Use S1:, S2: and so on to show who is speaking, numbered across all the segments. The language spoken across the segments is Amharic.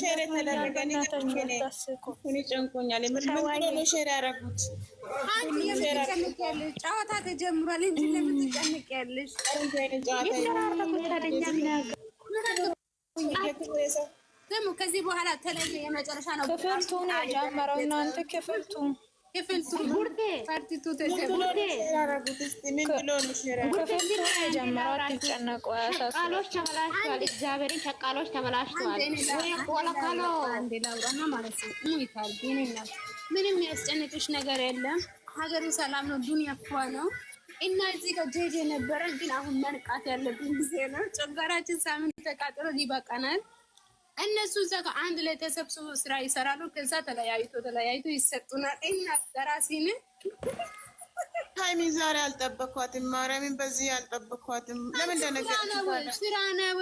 S1: ሼር የተደረገ ጨንቆኛል። ሼር
S2: ያደረጉት ጨዋታ ተጀምሯል እንጂ ለምትጨንቅ ያለሽ ደግሞ ከዚህ በኋላ ተለየ የመጨረሻ
S3: ነው። ክፍልቱ ነው የጀመረው እናንተ ክፍልቱ
S2: ተመላሽተዋል። ምንም የሚያስጨንቅሽ ነገር የለም። ሀገሩ ሰላም ነው። ዱንያ ኳ ነው እና እዚህ ጋር ጄጄ ነበረ፣ ግን አሁን መንቃት ያለብን ጊዜ ነው። ጨጓራችን ሳምንት ተቃጥሎ ይበቃናል። እነሱ እዛ አንድ ላይ ተሰብስቦ ስራ ይሰራሉ። ከዛ ተለያይቶ ተለያይቶ ይሰጡናል። እና ደራሲን
S1: ታይሚ ዛሬ አልጠበኳትም። ማርያምን በዚህ አልጠበኳትም።
S2: ለምን ደነገጥሽ? ስራ ነው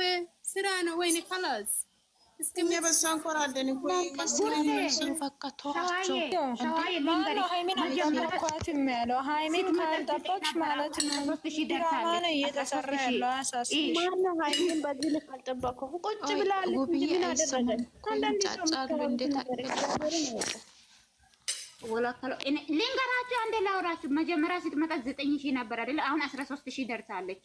S2: ስራ ነው። ወይኔ ካላስ
S1: እስኪሚያበሳንኮራለን እኮ
S3: ፈቀተዋቸው
S2: ሀይሚን
S1: ያለው ማለት ነው። አሳስ
S3: በዚህ
S2: ምን ልንገራችሁ፣ አንዴ ላውራችሁ። መጀመሪያ ስትመጣ ዘጠኝ ሺህ ነበር አይደለ? አሁን አስራ ሶስት ሺህ ደርሳለች።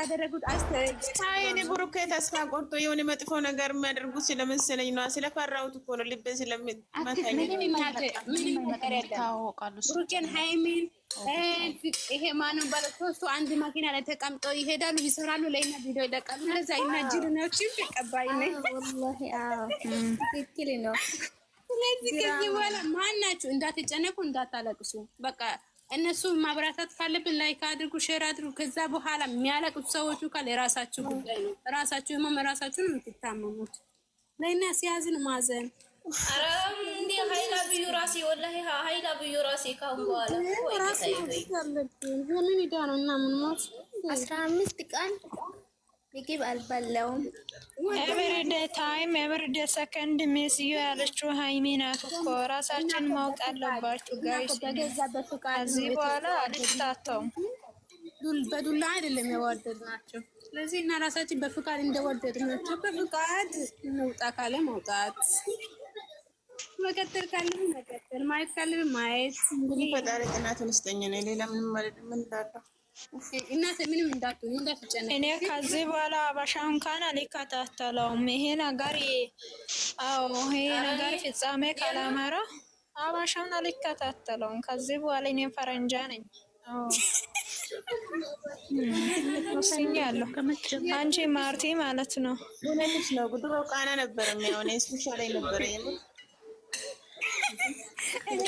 S1: ያደረጉት
S3: እኔ ብሩኬ ተስፋ ቆርጦ የሆነ መጥፎ ነገር የሚያደርጉ ስለመሰለኝ ነው። ስለፈራሁት እኮ ነው። ልቤን
S2: ስለምታወቃሉ ብሩኬን፣ ሃይሚን ይሄ ማነው ባለ ሶስቱ አንድ ማኪና ላይ ተቀምጠው ይሄዳሉ፣ ይሰራሉ፣ ለእኛ ቪዲዮ ይለቃሉ። እነዛ ይናጅርናችን ተቀባይነት
S4: ትክክል ነው።
S2: ስለዚህ ከዚህ በኋላ ማናችሁ እንዳትጨነቁ፣ እንዳታለቅሱ በቃ እነሱ ማብራታት ካለብን ላይክ አድርጉ፣ ሼር አድርጉ። ከዛ በኋላ የሚያለቁት ሰዎቹ ካል የራሳችሁ ጉዳይ ነው። ራሳችሁ ህመም ራሳችሁ ነው የምትታመሙት። ለእና ሲያዝን ማዘን
S1: እንዲ ሀይላ ብዩ ራሴ ወላ ሀይላ ብዩ ራሴ ካሁን በኋላ
S4: ራሴ ምን ሂዳ ነው እና ምንሞት አስራ አምስት ቀን ምግብ አልበላውም።
S3: ኤቭሪዴ ታይም ኤቭሪዴ ሰከንድ ሚስ ዩ ያለችው ሀይሚ ናት እኮ። ራሳችን ማወቅ አለባችሁ ጋይስ። ከዚህ በኋላ አልታተውም።
S2: በዱላ አይደለም የወደድ ናቸው። ስለዚህ እና ራሳችን በፍቃድ እንደወደድ
S3: ናቸው። በፍቃድ እንውጣ ካለ መውጣት
S2: መቀጠል ካለብን መቀጠል፣ ማየት ካለብን ማየት።
S1: እንግዲህ ፈጣሪ ቅናቱን ይስጠኝ። እኔ ሌላ ምንም ማለት ምን እንዳለው
S2: እናት ምንም እንዳትሆን እንዳትጨነቅ።
S3: እኔ ከዚህ በኋላ አበሻን ካና ሊከታተለውም ይሄ ነገር አዎ፣ ይሄ ነገር ፍጻሜ ካላመራ አበሻን አልከታተለውም ከዚህ በኋላ። እኔ ፈረንጃ ነኝ። ወስኛለሁ። አንቺ ማርቲ ማለት ነው።
S1: ነው ጉድሮ ቃና ነበር የሚሆነ ስፔሻላይ ነበር የምር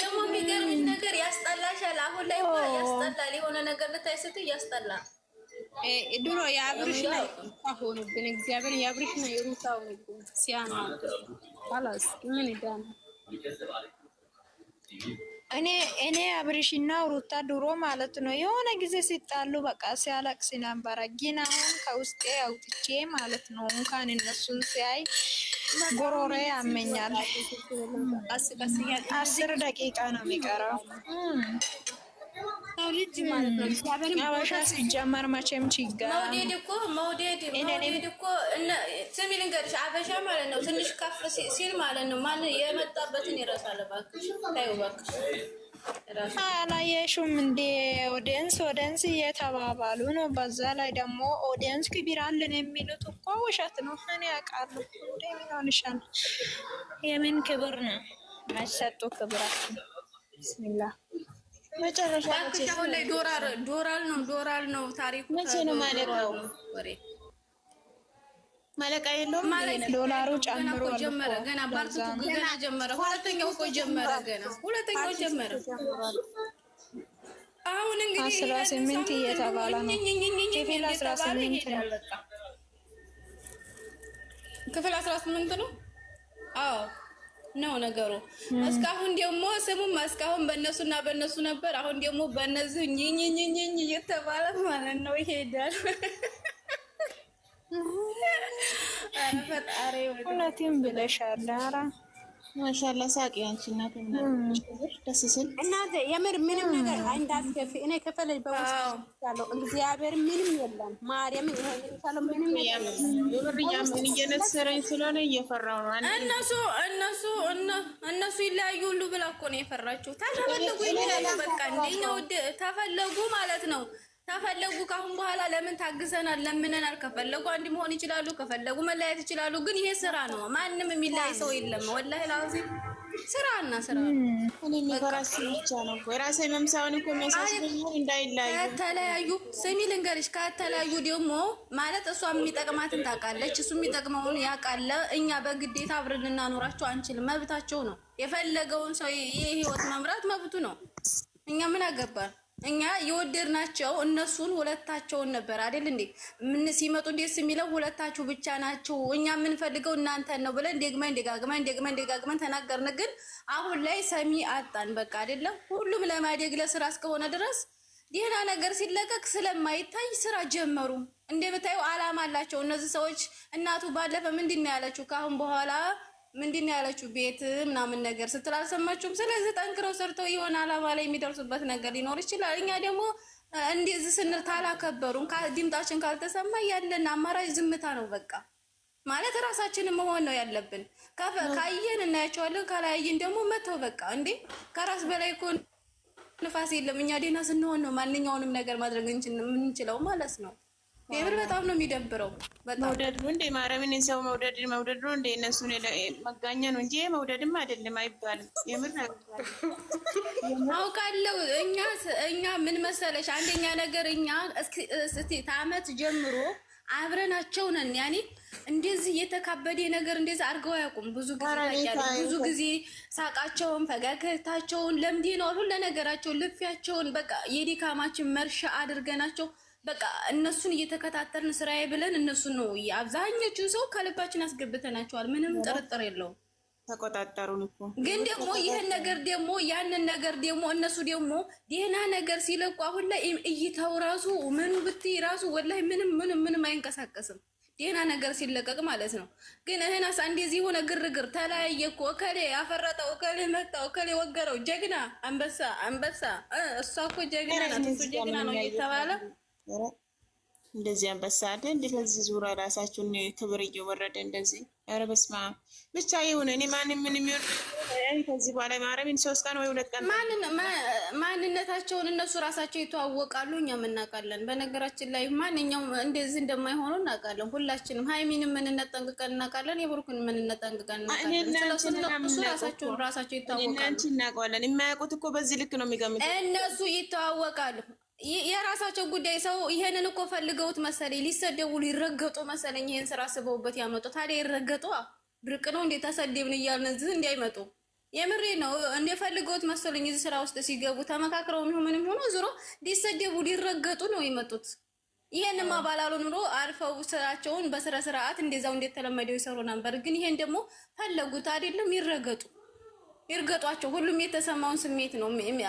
S2: ደግሞ የሚገርምሽ ነገር ያስጠላሻል። አሁን ላይ ያስጠላል። የሆነ ነገር ልታይ ያስጠላል።
S3: ድሮ የአብርሽ ነው ሆኑብን። እግዚአብሔር የአብርሽ ነው የሩታ ሆኑብን። ሲያማ ላስ ምን ይዳ እኔ እኔ አብርሽና ሩታ ድሮ ማለት ነው የሆነ ጊዜ ሲጣሉ በቃ ሲያለቅስ ነበረ። ግን አሁን ከውስጤ አውጥቼ ማለት ነው እንኳን እነሱን ሲያይ ጉሮሮ ያመኛል። አስር ደቂቃ ነው የሚቀረው። አበሻ ሲጀመር መቼም ችጋ
S2: መውደድ እኮ መውደድ መውደድ እኮ ስሚ ልንገርሽ፣ አበሻ ማለት ነው ትንሽ ከፍ ሲል ማለት ነው ማን የመጣበትን ይረሳል። እባክሽ እባክሽ
S3: አላየሽም እንዴ? ኦዲየንስ ኦዲየንስ እየተባባሉ ነው። በዛ ላይ ደግሞ ኦዲየንስ ክብር አለን የሚሉት እኮ ውሸት ነው። እኔ አውቃለሁ። እንዴ ምን ሆንሻል? የምን ክብር ነው መሰጡ? ክብራችን ብስሚላ መጨረሻ ዶራል ነው ዶራል ነው ታሪኩ
S4: መቼ ነው ማለት ነው? መለቃ የለውም።
S3: ዶላሩ ጨምሮ
S2: ጀመረ። ገና ባርቱ ገና ጀመረ። ሁለተኛው እኮ ጀመረ። ገና ሁለተኛው ጀመረ።
S3: አሁን እንግዲህ አስራ ስምንት እየተባለ ነው። ክፍል አስራ ስምንት ነው።
S2: ክፍል አስራ ስምንት ነው። አዎ ነው ነገሩ። እስካሁን ደግሞ ስሙም እስካሁን በእነሱና በእነሱ ነበር። አሁን ደግሞ በእነዚህ ኝኝኝኝኝ እየተባለ ማለት ነው ይሄዳል።
S3: እውነቴን ብለሻል። ኧረ
S4: ማሻላ ሳቂ አንቺ እናት ደስ ስል
S2: እናቴ የምር ምንም ነገር እንዳትከፊ። እኔ ከፈለጅ በውስጥ እግዚአብሔር ምንም የለም ማርያምን ምንም
S3: እየነሰረኝ ስለሆነ እየፈራው ነው።
S2: እነሱ እነሱ እነሱ ይለያዩ ሁሉ ብላ እኮ ነው የፈራችው። ተፈለጉ ይለያዩ በቃ እንደኛው ተፈለጉ ማለት ነው ተፈለጉ ካሁን በኋላ ለምን ታግዘናል፣ ለምነናል። ከፈለጉ አንድ መሆን ይችላሉ፣ ከፈለጉ መለያየት ይችላሉ። ግን ይሄ ስራ ነው። ማንም የሚለያይ ሰው የለም። ወላሂ ላዚ ስራ እና ስራ
S3: እኔራስ ብቻ ነው የራሴ መምሳውን እኮ የሚያሳስበኝ እንዳይለያዩ።
S2: ከተለያዩ ስሚ ልንገርሽ፣ ከተለያዩ ደግሞ ማለት እሷ የሚጠቅማትን ታውቃለች፣ እሱ የሚጠቅመውን ያውቃል። እኛ በግዴታ አብረን ልናኖራቸው አንችልም። መብታቸው ነው። የፈለገውን ሰው ህይወት መምራት መብቱ ነው። እኛ ምን አገባል? እኛ የወደድናቸው እነሱን ሁለታቸውን ነበር አይደል እንዴ? ምን ሲመጡ እንዴት የሚለው ሁለታችሁ ብቻ ናቸው። እኛ የምንፈልገው እናንተን ነው ብለን ደግመን ደጋግመን ደግመን ደጋግመን ተናገርን። ግን አሁን ላይ ሰሚ አጣን። በቃ አይደለም ሁሉም ለማደግ ለስራ እስከሆነ ድረስ ደህና ነገር ሲለቀቅ ስለማይታይ ስራ ጀመሩ። እንደምታዩ አላማ አላቸው እነዚህ ሰዎች። እናቱ ባለፈ ምንድን ነው ያለችው? ከአሁን በኋላ ምንድን ነው ያለችው? ቤት ምናምን ነገር ስትል አልሰማችሁም። ስለዚህ ጠንክረው ሰርተው የሆነ አላማ ላይ የሚደርሱበት ነገር ሊኖር ይችላል። እኛ ደግሞ እንደዚህ ስንል ካላከበሩን፣ ድምጣችን ካልተሰማ ያለን አማራጭ ዝምታ ነው። በቃ ማለት ራሳችንን መሆን ነው ያለብን። ካየን እናያቸዋለን፣ ካላያየን ደግሞ መተው በቃ። እንዴ ከራስ በላይ እኮ ንፋስ የለም። እኛ ደህና ስንሆን ነው ማንኛውንም ነገር ማድረግ የምንችለው ማለት ነው። የምር በጣም ነው የሚደብረው።
S3: መውደድ ነው እንዴ? ማርያምን ሰው መውደድ መውደድ ነው እንዴ? እነሱ መጋኛ ነው እንጂ መውደድም አይደለም አይባልም። የምር
S2: አውቃለሁ። እኛ እኛ ምን መሰለሽ፣ አንደኛ ነገር እኛ እስቲ ከአመት ጀምሮ አብረናቸው ነን። ያኔ እንደዚህ የተካበደ ነገር እንደዚህ አድርገው አያውቁም። ብዙ ጊዜ ብዙ ጊዜ ሳቃቸውን፣ ፈገግታቸውን ለምዴ ነው ሁሉ ነገራቸውን፣ ልፊያቸውን በቃ የድካማችን መርሻ አድርገናቸው በቃ እነሱን እየተከታተልን ስራዬ ብለን እነሱን ነው አብዛኞቹ ሰው ከልባችን አስገብተናቸዋል። ምንም ጥርጥር የለውም።
S3: ተቆጣጠሩን እኮ
S2: ግን ደግሞ ይህን ነገር ደግሞ ያንን ነገር ደግሞ እነሱ ደግሞ ደህና ነገር ሲለቁ አሁን ላይ እይታው ራሱ ምኑ ብትይ ራሱ ወላሂ ምንም ምንም ምንም አይንቀሳቀስም። ደህና ነገር ሲለቀቅ ማለት ነው። ግን እህናስ እንደዚህ የሆነ ግርግር ተለያየ እኮ እከሌ አፈረጠው፣ እከሌ መታው፣ እከሌ ወገረው፣ ጀግና አንበሳ አንበሳ እሷ እኮ ጀግና ናት እሱ ጀግና ነው እየተባለ
S3: ነበረ። እንደዚህ አንበሳ አለ። እንዴት በዚህ ዙሪያ ራሳችሁን ክብር እየወረደ እንደዚህ ኧረ በስመ አብ ብቻ ይሁን። እኔ ማን ምን የሚሆን
S1: ከዚህ በኋላ ማረሚን ሶስት ቀን ወይ ሁለት ቀን
S2: ማንነታቸውን እነሱ ራሳቸው ይተዋወቃሉ፣ እኛም እናውቃለን። በነገራችን ላይ ማንኛውም እንደዚህ እንደማይሆኑ እናውቃለን። ሁላችንም ሀይሚንም ምንነት ጠንቅቀን እናውቃለን። የብሩክን ምንነት ጠንቅቀን እናውቃለን። እሱ ራሳቸውን ራሳቸው ይተዋወቃሉ። እናንቺ
S3: እናውቀዋለን። የማያውቁት እኮ በዚህ ልክ ነው የሚገምቱ።
S2: እነሱ ይተዋወቃሉ። የራሳቸው ጉዳይ። ሰው ይሄንን እኮ ፈልገውት መሰለኝ፣ ሊሰደቡ ሊረገጡ መሰለኝ ይሄን ስራ አስበውበት ያመጡ። ታዲያ ይረገጡ ብርቅ ነው እንዴ? ተሰደብን እያልን እዚህ እንዳይመጡ የምሬ ነው። እንደፈልገውት መሰለኝ እዚህ ስራ ውስጥ ሲገቡ ተመካክረው የሚሆን ምንም ሆኖ ዞሮ ሊሰደቡ ሊረገጡ ነው የመጡት። ይሄንማ ባላሉ ኑሮ አልፈው ስራቸውን በስነ ስርዓት እንደዛው እንደተለመደው ይሰሩ ነበር። ግን ይሄን ደግሞ ፈለጉት አይደለም ይረገጡ ይርገጧቸው። ሁሉም የተሰማውን ስሜት ነው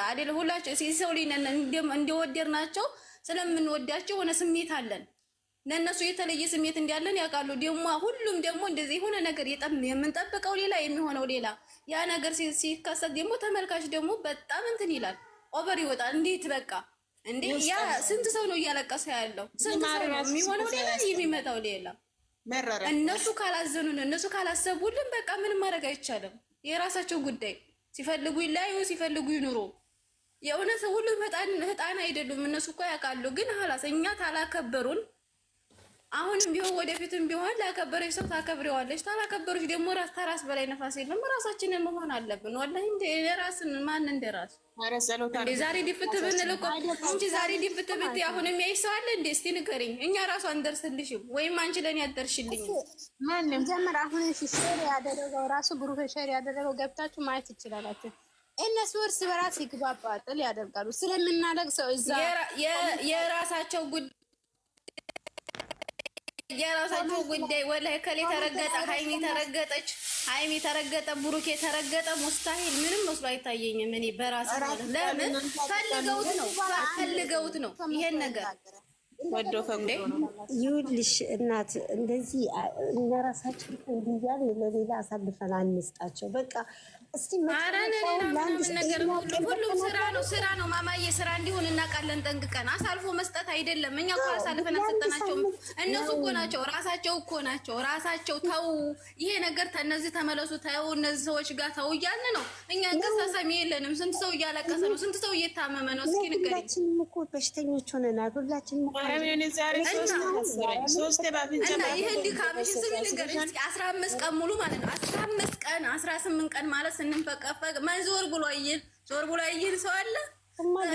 S2: አይደለ? ሁላቸው ሰው ላይ ነን። እንደወደር ናቸው ስለምንወዳቸው የሆነ ስሜት አለን። ለእነሱ የተለየ ስሜት እንዳለን ያውቃሉ። ደግሞ ሁሉም ደግሞ እንደዚህ የሆነ ነገር የምንጠብቀው ሌላ የሚሆነው ሌላ። ያ ነገር ሲከሰት ደግሞ ተመልካች ደግሞ በጣም እንትን ይላል፣ ኦቨር ይወጣል። እንዴት በቃ እንዴ! ያ ስንት ሰው ነው እያለቀሰ ያለው? ስንት ሰው ነው የሚሆነው ሌላ፣ የሚመጣው ሌላ። እነሱ ካላዘኑን፣ እነሱ ካላሰቡልን በቃ ምንም ማድረግ አይቻልም። የራሳቸው ጉዳይ ሲፈልጉ ይለያዩ፣ ሲፈልጉ ይኑሩ። የእውነት ሁሉ ህጣን አይደሉም። እነሱ እኮ ያውቃሉ። ግን ሀላስ እኛ ታላከበሩን አሁንም ቢሆን ወደፊትም ቢሆን ላከበረች ሰው ታከብሬዋለች። ታላከበረች ደግሞ ራስ ተራስ በላይ ነፋስ የለም። ራሳችንን መሆን አለብን። ወላ ወላሂ ራስን ማን እንደ ራስ ዛሬ ዲፍት ብንል እኮ እንጂ ዛሬ ዲፍት ብት አሁን የሚያይሽ ሰው አለ እንዴ? እስቲ ንገሪኝ። እኛ ራሱ አንደርስልሽም ወይም አንቺ ለእኔ አደርሽልኝ ማንም ጀምር። አሁን ሼር ያደረገው ራሱ ብሩህ ሼር ያደረገው ገብታችሁ ማየት ይችላላችሁ። እነሱ እርስ በራስ ይግባባ ጥል ያደርጋሉ። ስለምናደግ ሰው እዛ የራሳቸው ጉዳይ የራሳችሁ ጉዳይ። ወላሂ ከሌ ተረገጠ፣ ሀይሚ ተረገጠች፣ ሀይሚ ተረገጠ፣ ብሩኬ ተረገጠ፣ ሙስታሂል ምንም መስሎ አይታየኝም። እኔ በራስ ለምን ፈልገውት ነው ፈልገውት ነው ይሄን ነገር
S3: ወዶ
S4: ይኸውልሽ፣ እናት እንደዚህ እኛ እንዲያል ለሌላ አሳልፈን አንስጣቸው በቃ
S2: ሁሉም ስራ ነው፣ ስራ ነው ማማዬ፣ ስራ እንዲሆን እናውቃለን ጠንቅቀን። አሳልፎ መስጠት አይደለም እኛ እኮ አሳልፈን አልሰጠናቸው። እነሱ እኮ ናቸው ራሳቸው እኮ ናቸው ራሳቸው። ተው ይሄ ነገር እነዚህ ተመለሱ፣ ተው እነዚህ ሰዎች ጋር ተው እያልን ነው እኛ። እንቅስቃሴ ሰሚ የለንም። ስንት ሰው እያለቀሰ ነው፣ ስንት ሰው እየታመመ ነው። እስኪ ንገሪኝ።
S4: በሽተኞች ሆነናል ሁላችንም።
S2: ይህን ድካምሽን ስሚ ንገሪኝ። አስራ አምስት ቀን ሙሉ ማለት ነው አስራ አምስት ቀን አስራ ስምንት ቀን ማለት ስንፈቀፈቅ ማን ዞር ብሎ ይል ዞር ብሎ ይል ሰው አለ።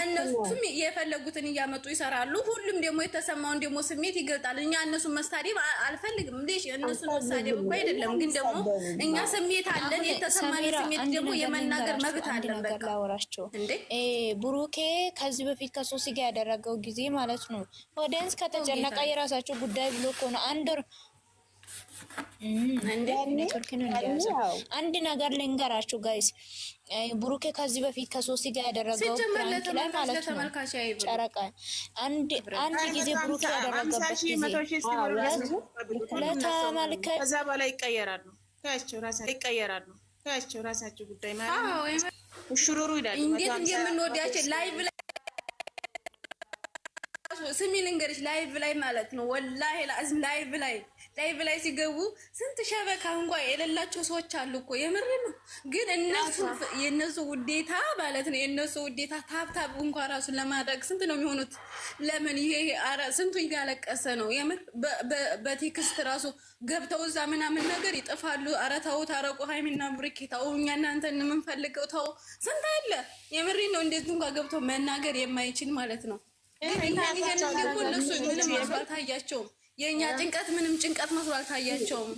S2: እነሱም የፈለጉትን እያመጡ ይሰራሉ። ሁሉም ደግሞ የተሰማውን ደግሞ ስሜት ይገልጣል። እኛ እነሱን መስታደብ አልፈልግም እንዴ እነሱን መሳደብ እኮ አይደለም፣ ግን ደግሞ እኛ ስሜት አለን። የተሰማን ስሜት ደግሞ የመናገር መብት አለን። በቃ ላወራቸው እንዴ ብሩኬ ከዚህ በፊት ከሶሲ ጋር ያደረገው ጊዜ ማለት ነው ወደንስ ከተጨነቀ የራሳቸው ጉዳይ ብሎ ነው አንድ አንድ ነገር ልንገራችሁ ጋይስ፣ ብሩኬ ከዚህ በፊት ከሶስት ጋር ያደረገው
S3: ፕራንክ ላይ ማለት ነው።
S2: ጨረቃ አንድ አንድ ጊዜ ብሩኬ
S3: ያደረገበት ጊዜ ከዛ ይቀየራሉ። ይቀየራሉ። ራሳቸው ጉዳይ
S2: ማለት
S3: ነው። ሽሩሩ
S2: እንዴት እንደምንወዳቸው ላይቭ ላይ ስሚ ልንገርሽ፣ ላይቭ ላይ ማለት ነው ወላሂ ላይቭ ላይ ላይቭ ላይ ሲገቡ ስንት ሸበካ እንኳ የሌላቸው ሰዎች አሉ እኮ የምር ነው። ግን እነሱ የእነሱ ውዴታ ማለት ነው የእነሱ ውዴታ ታብታብ እንኳ ራሱን ለማድረግ ስንት ነው የሚሆኑት? ለምን ይሄ ስንቱ እያለቀሰ ነው የምር። በቴክስት ራሱ ገብተው እዛ ምናምን ነገር ይጥፋሉ። ኧረ ተው ታረቁ፣ ሀይሚና ብሩኬ ተው፣ እኛ እናንተ የምንፈልገው ተው። ስንት አለ የምሪ ነው እንዴት እንኳ ገብተው መናገር የማይችል ማለት ነው። ግን ይሄንን እነሱ ምንም አያቸውም የእኛ ጭንቀት ምንም ጭንቀት መስሎ አልታያቸውም።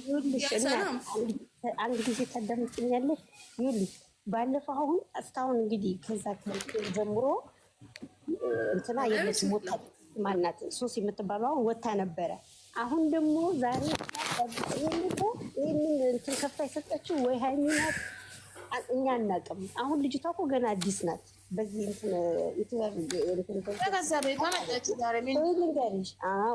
S4: አንድ ጊዜ ታዳምጭኛለሽ? ይኸውልሽ ባለፈው አሁን እስካሁን እንግዲህ ከዛ ጀምሮ እንትና የለች ቦታ ማናት ሶስ የምትባለው አሁን ወታ ነበረ። አሁን ደግሞ ዛሬ ይህንን እንትን ከፍታ የሰጠችው ወይ ሀይሚ ናት፣ እኛ አናውቅም። አሁን ልጅቷ እኮ ገና አዲስ ናት። በዚህ ልንገርሽ፣ አዎ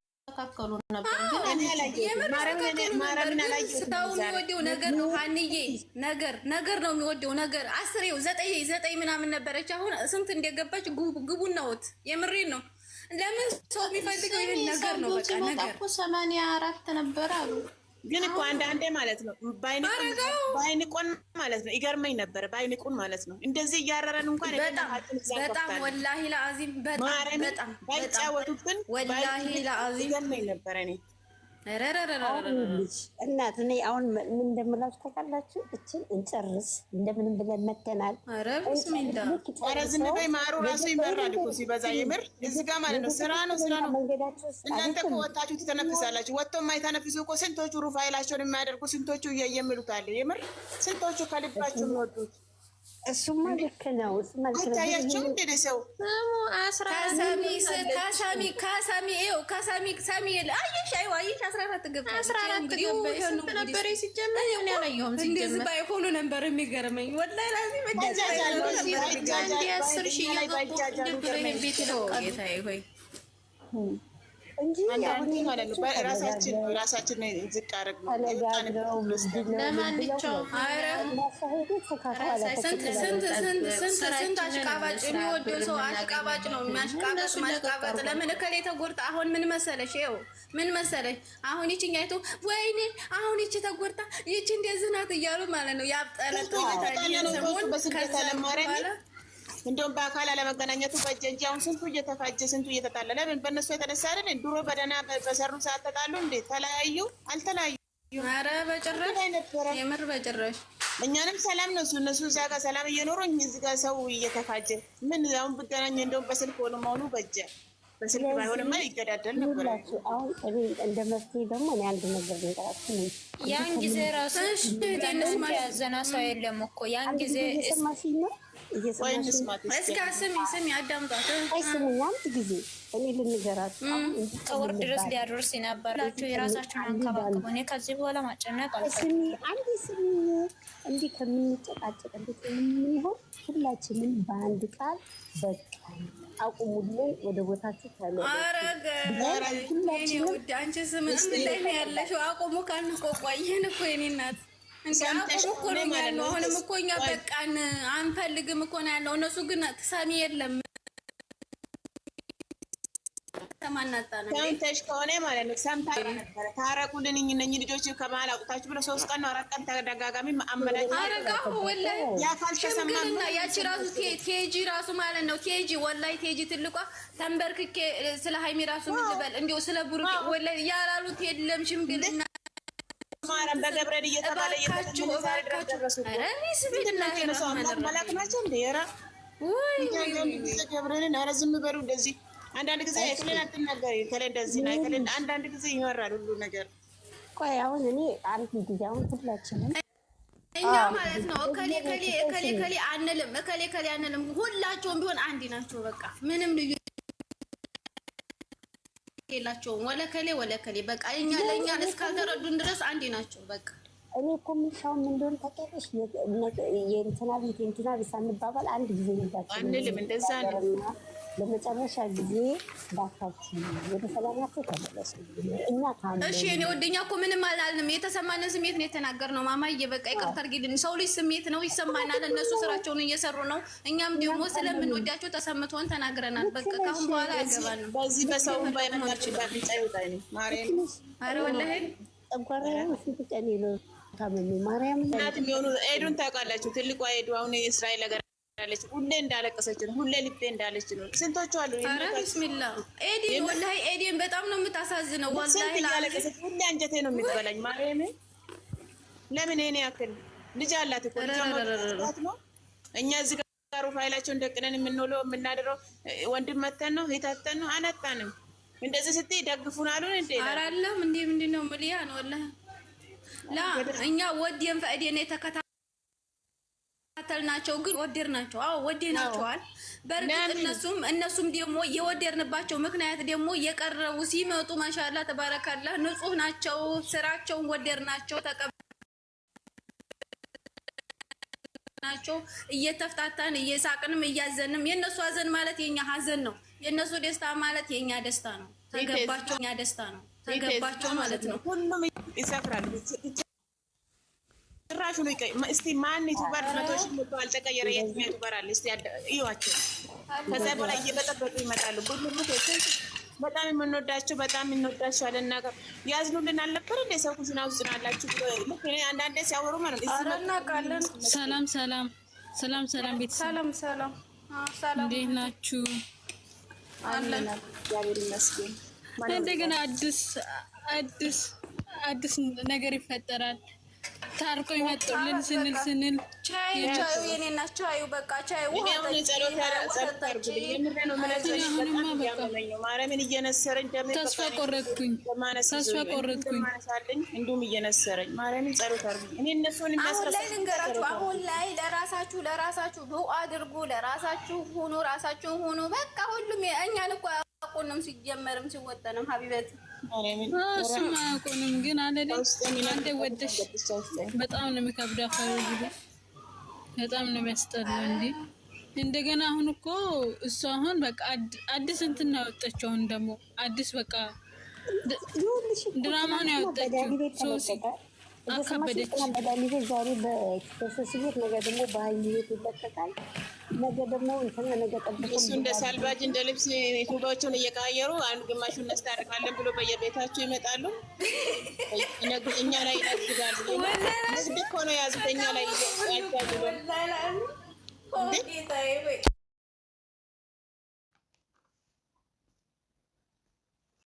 S3: ሲስተካከሉ ነበር።
S2: የሚወደው ነገር ነው ሀንዬ፣ ነገር ነገር ነው የሚወደው ነገር አስሬው ዘጠኝ ዘጠኝ ምናምን ነበረች። አሁን ስንት እንደገባች ግቡን ነውት። የምሬን ነው። ለምን ሰው የሚፈልገው ይህን ነገር ነው። በቃ ነገር
S4: ሰማንያ አራት ነበር አሉ
S3: ግን እኮ አንዳንዴ ማለት ነው ባይንቆን ማለት ነው ይገርመኝ ነበረ። ባይንቁን ማለት ነው እንደዚህ እያረረን እንኳን
S2: በጣም ወላሂ ለአዚም በጣም በጣም
S3: ባይጫወቱብን
S2: ወላሂ ለአዚም
S3: ይገርመኝ ነበረ እኔ
S4: እናት እኔ አሁን ምን እንደምላችሁ ታውቃላችሁ? እችን እንጨርስ እንደምንም ብለን መተናል።
S3: ረዝን በይ ማሩ ራሱ ይመራል እኮ ሲበዛ የምር እዚህ ጋ ማለት ነው። ስራ ነው ስራ ነው። እናንተ እኮ ወጣችሁ ትተነፍሳላችሁ። ወጥቶ የማይተነፍሱ እኮ ስንቶቹ ሩፋይላቸውን የሚያደርጉ ስንቶቹ እያየምሉታለ የምር ስንቶቹ ከልባችሁ የሚወዱት
S4: እሱማ ልክ ነው።
S3: አይታያቸውም እንደ ሰው
S2: ካሳሚ ይኸው አየሽ፣ አይዋ አየሽ፣ አስራ አራት ገባ አስራ አራት ገባ ነበረ ሲጀመር እኔ እንደዚህ ባይሆኑ ነበር የሚገርመኝ ወላሂ ላዚም እንደ ነበር ቤት ነው ጌታዬ ሆይ
S4: እንጂ
S3: አሽቃባጭ
S2: ሰው አሽቃባጭ ነው የሚያሽቃበጥ ማሽቃበጥ። ለምን እከሌ አሁን ምን መሰለሽ፣ ይኸው ምን መሰለሽ አሁን ይችኛ አይቶ ወይኔ አሁን ይቺ ተጎድታ ይቺ እንደዚህ ናት እያሉ ማለት ነው
S3: ያብጠለጠ እንደውም በአካል አለመገናኘቱ በእጅ እንጂ አሁን ስንቱ እየተፋጀ ስንቱ እየተጣለ ለምን በእነሱ የተነሳ አይደል? ድሮ በደህና በሰሩ ሰዓት ተጣሉ እንዴ? ተለያዩ? አልተለያዩ።
S2: ኧረ በጭራሽ የምር በጭራሽ።
S3: እኛንም ሰላም ነው እነሱ እዛ ጋር ሰላም እየኖሩ እዚህ ጋር ሰው እየተፋጀ ምን አሁን ብገናኝ እንደውም በስልክ ሆኑ መሆኑ በጀ
S2: ያን ጊዜ ራሱ ያዘና ሰው የለም እኮ ያን ጊዜ እስከ ስሚ ስሚ አዳምጣት።
S4: አይ ስሚ አንድ ጊዜ እኔ ልንገራት
S2: ከወር ድረስ ሊያደርስ የነበራቸው የራሳቸውን አንከባከቡ። እኔ ከዚህ በኋላ ማጨነቅ
S4: ስሚ፣ አንድ ስሚ። እንዲህ ከምንጨቃጨቅ እንዴት የምንሆን ሁላችንም በአንድ ቃል በቃ አቁሙልን፣ ወደ ቦታችሁ
S2: ተመለሱ። ሁላችንም አንቺ ስምን ላይ ያለሽው። አቁሙ ካንቆቋየን እኮ የኔ እናት ነው። አሁንም እኮ እኛ በቃን አንፈልግም እኮ ነው ያለው። እነሱ ግን ሰሚ የለም
S3: ሰምተሽ ከሆነ ማለት ነው ሰምታ ነበረ። ታረቁልን እነኝህ ልጆች ከመሀል አውጥታችሁ ብለው ሶስት ቀን ነው አራት ቀን ተደጋጋሚ
S2: አመዳጅሽምግልና ያቺ ራሱ ቴጂ ራሱ ማለት ነው ቴጂ ወላይ ቴጂ ትልቋ ተንበርክኬ ስለ ሀይሚ ራሱ ምትበል እንዲሁ ስለ ቡሩ ወላይ ያላሉት የለም ሽምግልና
S3: ማርያም በገብርኤል እየተባለ
S2: እየተባለችሁ እባካችሁ
S3: መላክ ናቸው እንደ ኧረ ገብርኤልን ኧረ ዝም በሉ። እንደዚህ አንዳንድ ጊዜ ክሌን አትናገሪ ከሌ እንደዚህ ናይ ከሌ አንዳንድ ጊዜ ይወራል ሁሉ ነገር።
S4: ቆይ አሁን እኔ አንድ ጊዜ አሁን ሁላችንም
S2: እኛ ማለት ነው እከሌ ከሌ እከሌ ከሌ አንልም፣ እከሌ ከሌ አንልም። ሁላቸውም ቢሆን አንድ ናቸው። በቃ ምንም ልዩ የላቸውም ወለከሌ ወለከሌ በቃ እኛ ለእኛ እስካልተረዱን ድረስ አንዴ ናቸው በቃ
S4: እኔ እኮ የምሻውም እንደሆነ ታውቂያለሽ የእንትና ቤት የእንትና ቤት ሳንባባል አንድ ጊዜ ልባቸው
S2: አንልም እንደዛ ነው
S4: ለመጨረሻ ጊዜ ባካችሁ ወደ ሰላማችሁ ተመለሱ። እኛ
S2: እሺ፣ እኔ ወደኛ እኮ ምንም አላልንም። የተሰማነ ስሜት ነው የተናገርነው። ማማዬ በቃ ይቅርታ አድርጊልን። ሰው ልጅ ስሜት ነው ይሰማናል። እነሱ ስራቸውን እየሰሩ ነው። እኛም ደግሞ ስለምንወዳቸው ተሰምቶን ተናግረናል። በቃ ካሁን በኋላ አይገባንም።
S3: በዚህ በሰው
S2: ኧረ ወላሂ
S4: ጠንኳራ ስትጨኔ ነው ታመሜ ማርያም
S3: ናት የሚሆኑ ኤዱን ታውቃላችሁ። ትልቋ ኤዱ አሁን የእስራኤል ሀገር እንዳለች ሁሌ እንዳለቀሰች ነው። ሁሌ ልቤ እንዳለች ነው። ስንቶቹ አሉ።
S2: ኧረ ቢስሚላ ኤዲን ወላሂ ኤዲን በጣም ነው የምታሳዝነው። ወላሂ
S3: እያለቀሰች ሁሌ አንጀቴ ነው የምትበላኝ። ማርያም ለምን ይሄን ያክል ልጅ አላት እኮ ነው። እኛ እዚህ ጋር ፋይላቸው እንደቅነን የምንውለው የምናድረው ወንድም መተን ነው ሂታተን ነው አናጣንም። እንደዚህ ስትይ ደግፉን አሉን እንዴ
S2: አራለም እንዴ ምንድነው ምልያን ወላሂ ላ እኛ ወድ የንፈእዴ ነው የተከታ ናቸው፣ ግን ናቸው። አዎ ወደድናቸዋል። በእርግጥ እነሱም እነሱም ደግሞ የወደድንባቸው ምክንያት ደግሞ የቀረቡ ሲመጡ ማሻላ ተባረካላ ንጹህ ናቸው። ስራቸውን ወደድናቸው ተቀ ናቸው እየተፍታታን እየሳቅንም እያዘንም የእነሱ ሀዘን ማለት የኛ ሀዘን ነው። የእነሱ ደስታ ማለት የኛ ደስታ ነው። ተገባቸው፣ የኛ ደስታ ነው። ተገባቸው ማለት ነው።
S3: ሁሉም ይሰፍራል። ጭራሹ ነው ይቀይ እስቲ ማን ዩቲዩበር መቶ ሺህ መቶ አልተቀየረ የት ዩቲዩበር አለ? እስቲ እዩዋቸው። ከዛ በኋላ እየበጠበጡ ይመጣሉ። ሁሉም ስንት በጣም የምንወዳቸው በጣም የምንወዳቸው አለና እና ያዝኑልን አልነበር እንደ ሰው ኩሽና ውስጥ ናላችሁ ብሎ ልክ እኔ አንዳንዴ ሲያወሩ ማለት ነው።
S2: ኧረ እናውቃለን።
S3: ሰላም ሰላም ሰላም ሰላም ቤተሰብ
S2: ሰላም ሰላም ሰላም፣
S3: እንዴት ናችሁ? አለን እግዚአብሔር ይመስገን። እንደገና አዲስ አዲስ አዲስ ነገር ይፈጠራል። ታርቆ ይመጡልን ስንል ስንል
S2: ቻዩ ቻዩ የኔ ናት ቻዩ በቃ ቻዩ
S3: ማርያምን እየነሰረኝ ተስፋ ቆረጥኩኝ ተስፋ ቆረጥኩኝ እንዲሁም እየነሰረኝ ማርያምን ጸሎት አድርጉኝ።
S2: እኔ እነሱን የሚያስረሳ ልንገራችሁ። አሁን ላይ ለራሳችሁ ለራሳችሁ ዱ አድርጉ። ለራሳችሁ ሁኑ፣ ራሳችሁ ሁኑ። በቃ ሁሉም እኛን እኮ አያውቁንም ሲጀመርም ሲወጠንም ሀቢበት
S3: እሱም አያውቁንም ግን አለሌ አንዴ ወደሽ በጣም ነው የሚከብደው። አፈሩ በጣም ነው የሚያስጠላው። እንዲ እንደገና አሁን እኮ እሱ አሁን በቃ አዲስ እንትን ነው ያወጣችው። አሁን ደግሞ አዲስ በቃ ድራማ ነው ያወጣችው። ሶሲ አካበደች።
S4: ዛሬ በሶሲ ቤት ነገ ደግሞ በሀይሚ ቤት ይለቀቃል። ነገ ደግሞ ነገ ጠብቁ።
S3: እሱ እንደ ሳልቫጅ እንደ ልብስ ቱባዎችን እየቀያየሩ አንድ ግማሹ እናስታርቃለን ብሎ በየቤታቸው ይመጣሉ። እኛ ላይ ይናዝጋሉ። ንግድ እኮ ነው የያዙት እኛ ላይ